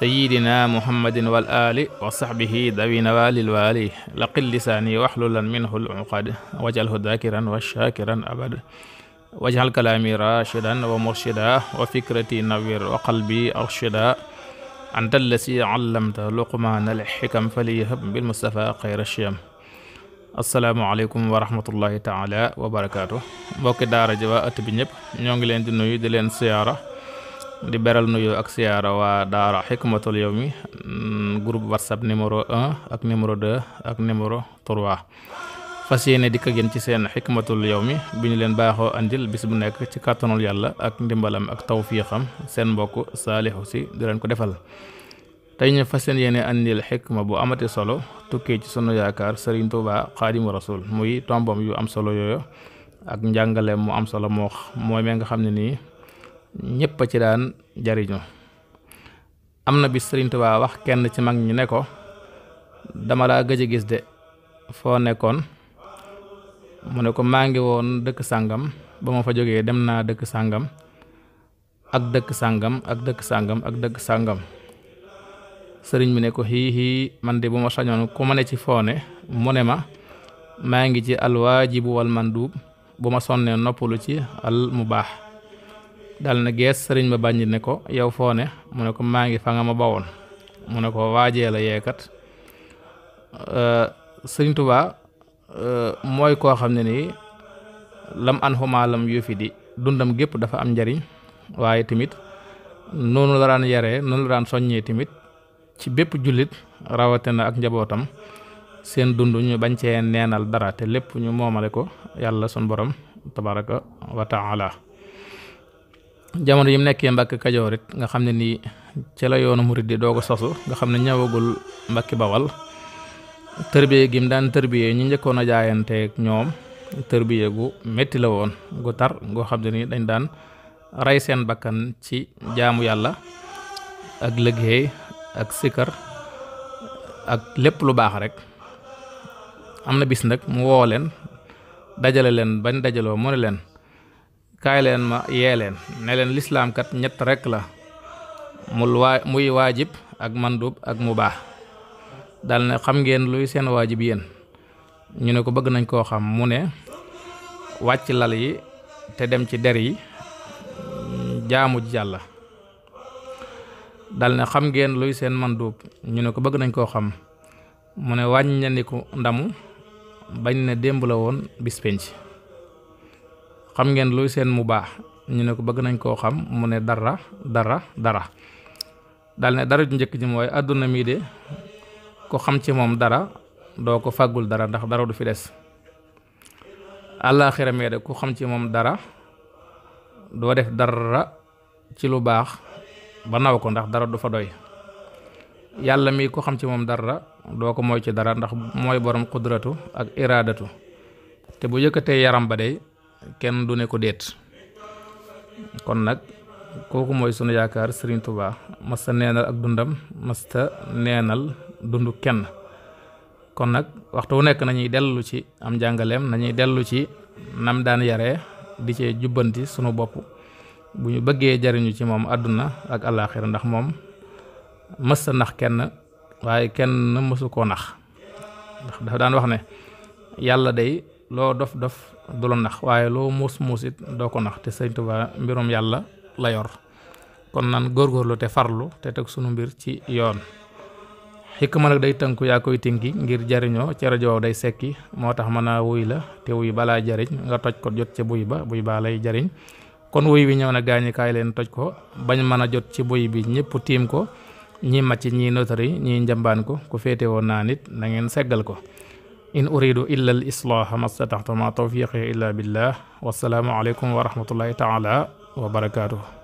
sayidina muhammadin wal ali wa saxbihi dawi nawalil waali laqil lisaani waxlulan minhu lumuqad wajalhu dakiran wa shakiran abad wajal kalaami rashidan wa murshida wa fikrati nawir wa qalbi arshida anta allasi allamta luqmaana alxikam faliyahab bilmustafa xayra shiyam asalaamaaleykum wa rahmatullahi taala wa barakaatu mbokki daara ji waa ëtt bi ñëpp ñoo ngi leen di nuyu di leen siyaara di beral nuyu ak siyaara waa daara xikmatul mi mm, groupe whatsapp numéro 1 ak numéro 2 ak numéro 3 fas yéene dikk ak ci seen xikmatul yawmi bi ñu leen baaxoo andil bis bu nekk ci kàttanul yàlla ak ndimbalam ak xam seen mbokk saalihu si di leen ko defal te ñu fas yéene andil xikma bu amati solo tukkee ci sunu yaakaar Sëriñ Tuubaa Xaadimu Rasuul muy tombam yu am solo yooyu ak njàngale mu am solo moo moomee nga xam ne nii ñépp a ci daan jariñu am na bi Sëriñ Tuubaa wax kenn ci mag ñi ne ko dama laa gëj gis de foo nekkoon mu ne ko maa ngi woon dëkk sàngam ba ma fa jógee dem naa dëkk sàngam ak dëkk sàngam ak dëkk sàngam ak dëkk sàngam sëriñ bi ne ko xii man de bu ma sañoon ku ma ne ci foone mu ne ma maa ngi ci alwaajibu man manduub bu ma sonnee noppalu ci al mu baax dal na gees sëriñ ba bàññi ne ko yow foone mu ne ko maa ngi fanga nga ma bawoon mu ne ko waajee la yeekat euh, sëriñ Tuubaa euh, mooy koo xam ne nii lam an xumaalam yu fi di dundam gépp dafa am njariñ waaye tamit noonu la daan yaree noonu la daan soññee tamit ci bépp jullit rawatina ak njabootam seen dund ñu bañ cee neenal dara te lépp ñu moomale ko yàlla sun borom tabaraka wa jamono yi mu nekkee mbakk Kajoor it nga xam ne nii ci la yoonu mu di doo ko sosu nga xam ne ñëwagul Mbàkke Bawal tërbiye gi mu daan tërbiye ñu njëkkoon a jaayanteeg ñoom tërbiye gu métti la woon gu tar ngoo xam ne nii dañ daan rey seen bakkan ci jaamu yàlla ak liggéey ak sikar ak lépp lu baax rek am na bis nag mu woo leen dajale leen bañ dajaloo mu ne leen kaay leen ma yee leen ne leen lislaam ñett rekk la mul waa muy waajib ak mandub ak mu baax dal ne xam ngeen luy seen waajib yéen ñu ne ko bëgg nañ koo xam mu ne wàcc lal yi te dem ci der yi jaamu ji dal ne xam ngeen luy seen mandub ñu ne ko bëgg nañ koo xam mu ne wàññandiku ndamu bañ ne démb la woon bis penc xam ngeen luy seen mu baax ñu ne ko bëgg nañ koo xam mu ne dara dara dara dal ne dara ju njëkk ji mooy àdduna mii de ko xam ci moom dara doo ko fàggul dara ndax dara du fi des àllaaxira mee de ku xam ci moom dara doo def dara ci lu baax ba naw ko ndax dara du fa doy yàlla mii ku xam ci moom dara doo ko mooy ci dara ndax mooy borom xudratu ak iraadatu te bu yëkkatee yaram ba dey kenn du ne ko déet kon nag kooku mooy sunu yaakaar sëriñ tubaa masta neenal ak dundam mësta neenal dundu kenn kon nag waxtu wu nekk nañuy dellu ci am jàngaleem nañuy dellu ci nam daan yare di cee jubbanti sunu bopp bu ñu bëggee jariñu ci moom àdduna ak àllaaxira ndax moom mësta nax kenn waaye kenn mësu koo nax dafa daan wax ne yàlla day loo dof dof du la nax waaye loo muus muus it doo ko nax te sëñ Tuubaa mbirum yàlla la yor kon nan góorlu te farlu te teg sunu mbir ci yoon xikma nag day tënku yaa koy tinki ngir jariñoo ci rajo day sekki moo tax mën naa wuy la te wuy balaa jariñ nga toj ko jot ci buy ba buy baa lay jariñ kon wuy wi ñëw na gaañukaay leen toj ko bañ mën a jot ci buy bi ñëpp tiim ko ñii màcc ñii notari ñii njambaan ko ku féete woon naa nit nangeen ngeen seggal ko in uridu illa al islaaha mastataxtama tawfiqi illa billah wasalaamu aleykum wa rahmatullahi taala wa barakaatuh